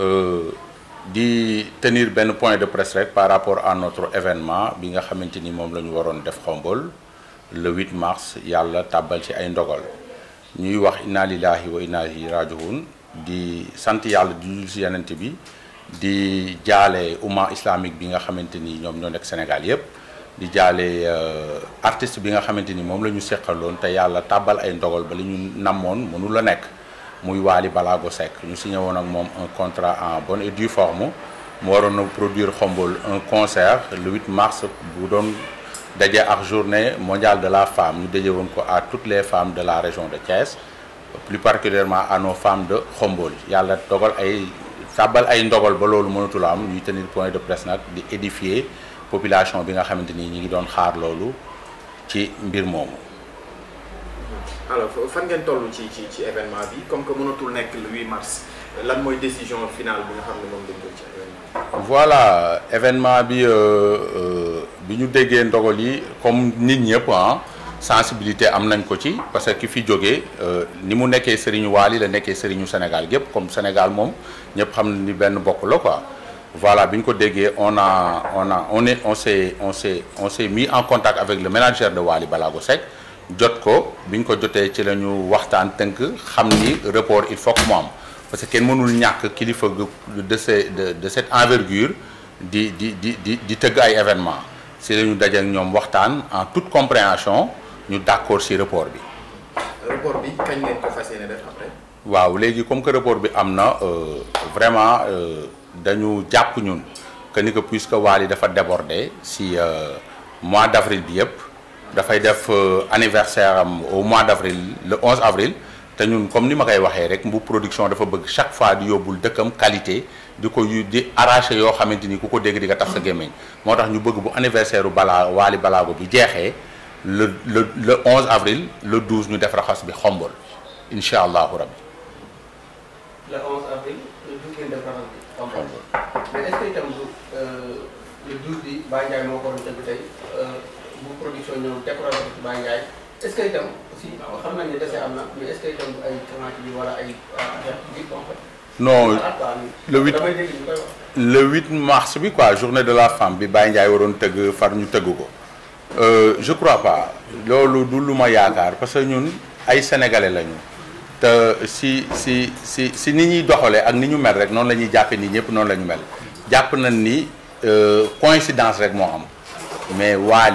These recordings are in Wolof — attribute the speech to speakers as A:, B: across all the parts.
A: Euh, di tenir benn point de presse rek par rapport à notre événement bi nga xamante ni moom la ñu waroon def xombol le 8 mars yàlla tàbbal ci ay ndogal ñuy wax inna lillahi wa inna ilayhi di sant yàlla di jul si yenente bi di jaale umma islamique bi nga xamante ni ñoom ñoo nekk Sénégal yépp di jaale euh, artiste bi nga xamante ni moom la ñu seqaloon te yàlla tàbbal ay ndogal ba li ñu namoon mënu la nekk muy balaa Balago Seck ñu signé woon ak moom un contrat en bonne et due forme mu waroon a produire Khombole un concert le 8 mars bu doon daje ak journée mondial de la femme ñu daje woon ko à toutes les femmes de la région de Thiès plus particulièrement à nos femmes de xombool yàlla dogal ay tàbbal ay ndogal ba loolu mënatul am ñuy tenir point de presse nag di édifier population bi nga xamante ni ñi ngi doon xaar loolu ci mbir moomu
B: alors fan ngeen toll ci ci ci événement bi comme que mënatul nekk le mooy décision finale bi nga xam ne moom dañ jël ci événement
A: voilà événement bi euh, euh, bi ñu déggee ndogal yi comme nit ñëpp ah sensibilité am nañ ko ci parce que ki fi jógee euh, ni mu nekkee sëriñu Waali la nekkee sëriñu Sénégal gépp comme Sénégal moom ñëpp xam ni benn bokk la quoi voilà bi ñu ko déggee on a on a on est on s'est on s'est mis en contact avec le manager de Waali Balago Seck jot ko bi ñu ko jotee ci la ñu waxtaan tënk xam ni report il faut que parce que kenn mënul ñàkk kilifa de ces de de cette envergure di di di di di tëgg ay événement si la ñu ñoom waxtaan en toute compréhension ñu d'accord ci report bi.
B: report bi kañ ko
A: waaw léegi comme que report bi am na euh, vraiment euh, dañu jàpp ñun que ni que puisque Wally dafa débordé si euh, mois d'avril bi yëpp. dafay def euh, anniversaire am au mois d' avril le 11 avril te ñun comme ni ma koy waxee rek Mbuur production dafa bëgg chaque fois di yóbbul dëkkam qualité di ko yu di arraché yoo xamante ni ku ko dégg di nga tax sa gémmiñ moo tax ñu bëgg bu anniversaire u balaa Waly Balaago bi jeexee le le le 11 avril le 12 ñu def raxas bi xombol incha allahu rabbi.
B: bu production ñoom décorer ko am
A: na ah, le huit le huit mars bi quoi journée de la femme bi Baye Ndiaye waroon tëgg far ñu tëgg ko. Euh, je crois pas loolu du lu ma yaakaar parce que ñun ay sénégalais lañu te si si si si ni ñuy doxalee ak ni ñu mel rek noonu la ñuy jàppee ni ñëpp noonu la ñu mel jàpp nañ ni euh, coïncidence rek moo am mais waal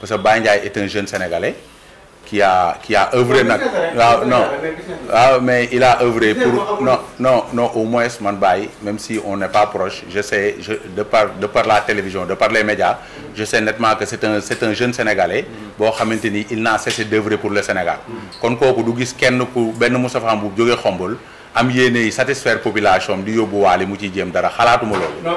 A: parce que Baye Ndiaye est un jeune sénégalais qui a qui a œuvré nag waaw non waaw ah, mais il a œuvré pour non no non au moins man bày même si on n'est pas proche de par par la télévision de par les médias je sais nettement que c'est un c'est un jeune sénégalais boo xamante ni il n'a cessé d'œuvrer pour le Sénégal kon kooku du gis kenn ku benn Moustapha Mbuub jógee xombol am yéene yi satisfaire population di yóbbuwaale mu ciy jéem dara xalaatuma loolu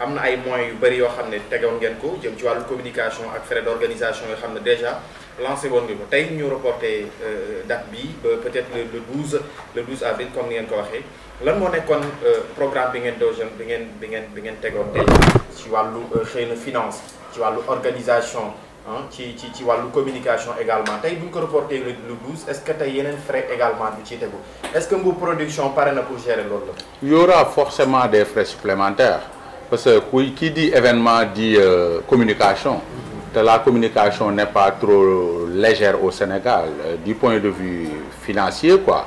B: am na ay moyens yu bëri yoo xam ne tegoon ngeen ko jëm ci wàllu communication ak frais d'organisation yoo xam ne déjà lancé woon ngeen ko tey ñu reporté euh, date bi peut-être le 12 le 12 avril comme ni ngeen ko waxee lan moo nekkoon euh, programme bi ngeen doon bi ngeen bi ngeen bi ngeen tegoon tey ci wàllu euh, xëy na finance ci wàllu organisation ah ci ci ci wàllu communication également tey du ñu ko reporté le 12 est-ce que tey yeneen frais également du ci tegu est-ce que Mbour Production pare na pour gérer loolu
A: la. y aura forcément des frais supplémentaires. parce que kuy qui di événement di euh, communication te la communication ne pas trop légère au Sénégal euh, du point de vue financier quoi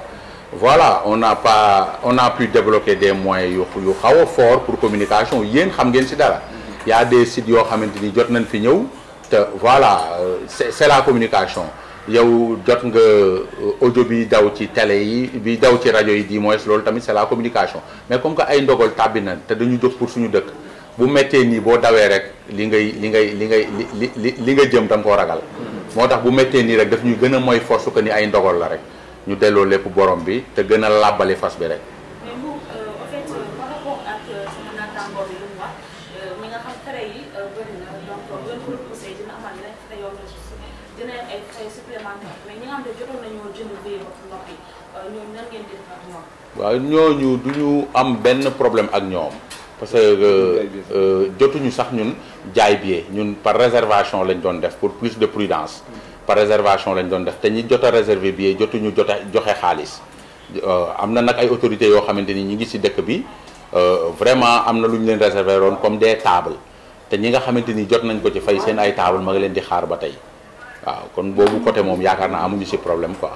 A: voilà on n'a pas on a pu débloquer des moyens yu yu xaw a fort pour communication yéen xam ngeen ci dara y a des sites yoo xamante ni jot nañ fi ñëw te voilà euh, c'est c'est la communication yow jot nga euh, audio bi daw ci télé yi bi daw ci rajo yi di moins loolu tamit c'est la communication mais comme que ay ndogal tàbbi na te dañu jóg pour suñu dëkk bu méttee nii boo dawee rek li ngay li ngay li ngay li li li nga jëm tam koo ragal moo tax bu méttee nii rek daf ñu gën a moy force que ni ay ndogal la rek ñu delloo lépp borom bi te gën a làbbali fas bi rek
B: noppi euh, ñooñu
A: waaw ñooñu du ñu am benn problème ak ñoom. parce que euh, euh, jotuñu sax ñun jaay billet ñun par réservation lañ doon def pour plus de prudence. par réservation lañ doon def te ñi jot a bi billet jotuñu jot a joxe xaalis. am na nag ay autorités yoo xamante ni ñu ngi si dëkk bi vraiment am na lu ñu leen réserver roon comme des table te ñi nga xamante ni jot nañ ko ci fay seen ay tables ma ngi leen di xaar ba tey waaw kon boobu côté moom yaakaar naa amuñu ci problème quoi.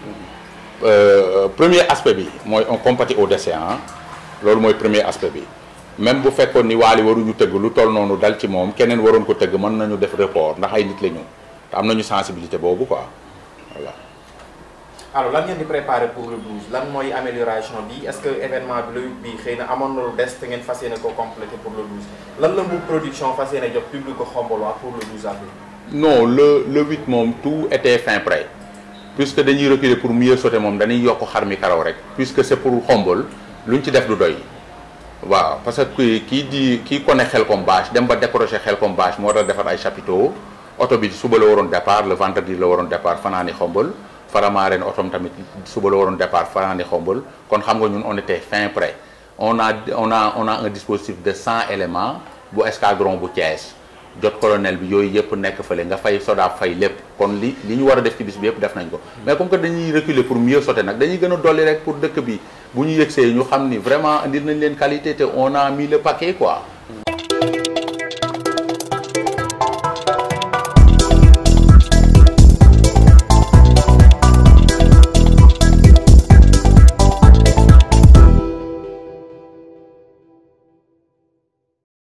A: Euh, premier aspect bi mooy on compatit au décès loolu mooy premier aspect bi même bu fekkoon ni waali waruñu tëgg lu toll noonu dal ci moom keneen waroon ko tëgg mën nañu def report ndax ay nit la te am nañu sensibilité boobu quoi voilà.
B: alors lan ngeen di préparer pour le mooy amélioration bi ce que événement bi le 8 xëy na amoon na lu des te ngeen fas yéene ko complété pour le 12 lan la production fas yéene jox public ko xombal pour le 12 avril.
A: non le le 8 moom tout était fin prêt. puisque dañuy reculer pour mieux sauter moom dañuy yokk xar mi karaw rek puisque c'est pour xombol luñ ci def lu doy waaw parce que kii di kii connaît Khelcom Bache dem ba décrocher Khelcom Bache moo tax defar ay chapiteaux oto bi suba la waroon départ le vendredi la waroon départ fanaani xombol faramaaren otom tamit suba la waroon départ fanaani xombol kon xam nga ñun on était fin prêt on a on a on a un dispositif de 100 éléments bu escadron bu Thiès jot colonel bi yooyu yëpp nekk fële nga fay soda fay lépp kon li li ñu war a def ci bis bi yëpp def nañ ko mais comme que dañuy reculer pour mieux sauter nag dañuy gën a dolli rek pour dëkk bi bu ñu yëgsee ñu xam ni vraiment indi nañ leen qualité te on a mis le paquet quoi